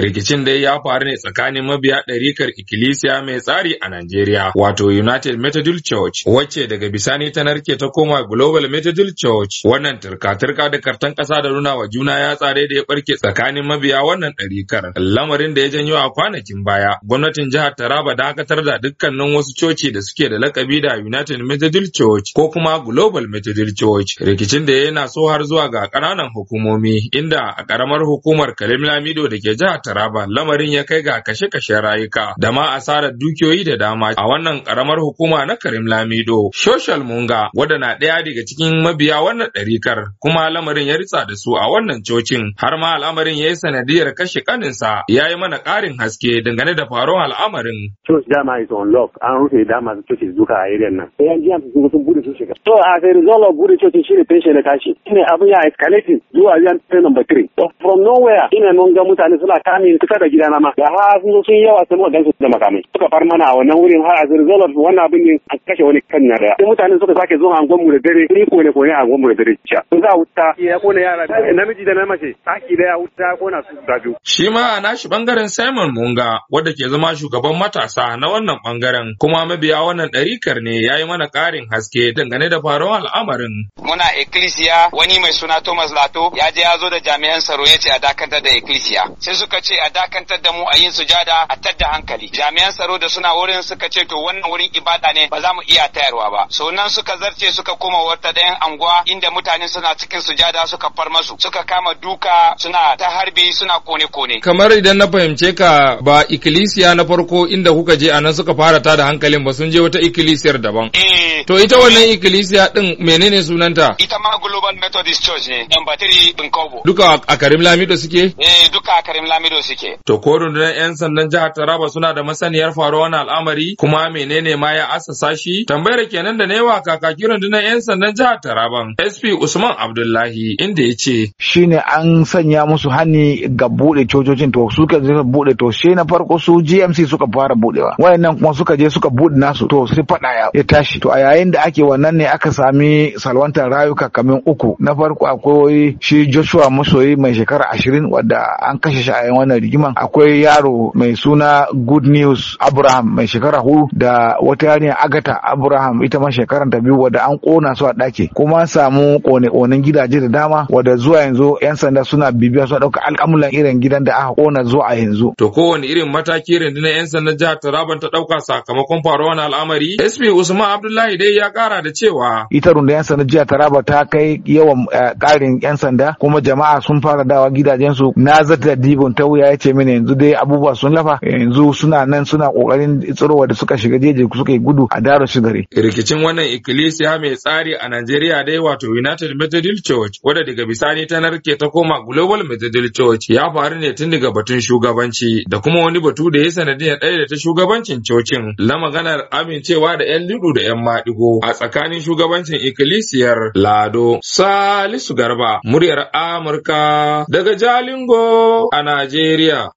Rikicin dai ya faru ne tsakanin mabiya ɗarikar ikkilisiya mai tsari a Najeriya, wato United Methodist Church, wacce daga bisani ta narke ta koma Global Methodist Church. Wannan turka-turka da kartan ƙasa da nuna wa juna ya tsare da ya barke tsakanin mabiya wannan ɗarikar. Lamarin da ya janyo a kwanakin baya, gwamnatin jihar Taraba dakatar da dukkanin wasu coci da suke da lakabi da United Methodist Church ko kuma Global Methodist Church. Rikicin da yana so har zuwa ga ƙananan hukumomi, inda a ƙaramar hukumar Kalimla Mido da ke jihar Taraba lamarin ya kai ga kashe-kashen rayuka da ma asarar dukiyoyi da dama a wannan karamar hukuma na Karim Lamido. Social Munga wadda na ɗaya daga cikin mabiya wannan ɗarikar kuma lamarin ya ritsa da su a wannan cocin har ma al'amarin ya yi sanadiyar kashe kaninsa ya yi mana ƙarin haske dangane da faruwar al'amarin. Church dama is on lock an rufe dama cocin duka a irin nan. Sai an ji sun bude su shiga. To as a result of bude shi ne pension ya tashi. Shine abin ya escalating zuwa yan number 3. From nowhere ina mun ga mutane suna kana makamin kusa da gidana ma da har sun zo sun yawa sun wadan su da makamin suka far mana a wannan wurin har a zirzalar wannan abin ne a kashe wani kan na daya mutanen suka sake zuwa an mu da dare ni kone kone a angon da dare ciya sun za wuta ya kona yara namiji da na mace taki da ya wuta ya kona su da biyu shi ma a nashi bangaren Simon Munga wanda ke zama shugaban matasa na wannan bangaren kuma mabiya wannan ɗarikar ne ya yi mana ƙarin haske dangane da faruwar al'amarin. Muna ecclesia wani mai suna Thomas Lato ya je ya zo da jami'an tsaro ya ce a dakatar da ecclesia sai suka ce a dakantar da mu a yin sujada a tadda hankali jami'an tsaro da suna wurin suka ce to wannan wurin ibada ne ba za mu iya tayarwa ba so nan suka zarce suka koma wata dayan anguwa inda mutane suna cikin sujada suka far masu suka kama duka suna ta harbi suna kone kone kamar idan na fahimce ka ba ikkilisiya na farko inda kuka je a nan suka fara ta da hankalin ba sun je wata ikilisiyar daban eh. to ita wannan ikilisiya din menene sunanta ita ma Global Methodist Church ne number 3 Binkobo duka a Karim Lamido suke eh duka a Karim Lamido suke. To ko rundunar 'yan sandan jihar Taraba suna da masaniyar faruwar na al'amari kuma menene ma ya asasa shi? Tambayar kenan da newa kakaki rundunar 'yan sandan jihar Taraba? SP Usman Abdullahi inda ya ce. Shi ne an sanya musu hani ga buɗe cococin to suka je buɗe to shi na farko su GMC suka fara buɗewa wayannan kuma suka je suka buɗe nasu to sai faɗa ya tashi to a yayin da ake wannan ne aka sami salwantar rayuka kamin uku na farko akwai shi Joshua Musoyi mai shekara ashirin wadda an kashe shi a yan wannan rigiman akwai yaro mai suna good news abraham mai shekara hudu da wata yarinya agata abraham ita ma shekaranta biyu wadda an kona su a ɗaki kuma samu kone-konen gidaje da dama wadda zuwa yanzu yan sanda suna bibiya suna ɗauka al'amuran irin gidan da aka kona zuwa yanzu. to kowane irin mataki na yan sanda jihar taraban ta ɗauka sakamakon faruwar al'amari sp usman abdullahi dai ya ƙara da cewa. ita rundunar yan sanda jihar taraba ta kai yawan eh, ƙarin yan sanda kuma jama'a sun fara dawa gidajensu na za ta dibon ta ya ce mini yanzu dai abubuwa sun lafa yanzu suna nan suna kokarin tsirowa da suka shiga jeji suka yi gudu a daro shigare. Rikicin wannan ikkilisiya mai tsari a Najeriya dai wato United Methodist Church wadda daga bisani ta narke ta koma Global Methodist Church ya faru ne tun daga batun shugabanci da kuma wani batu da ya sanadiyar ɗaya da ta shugabancin cocin na maganar amincewa da 'yan lidu da 'yan maɗigo a tsakanin shugabancin ikkilisiyar Lado. Salisu Garba, muryar Amurka daga Jalingo. a Najeriya.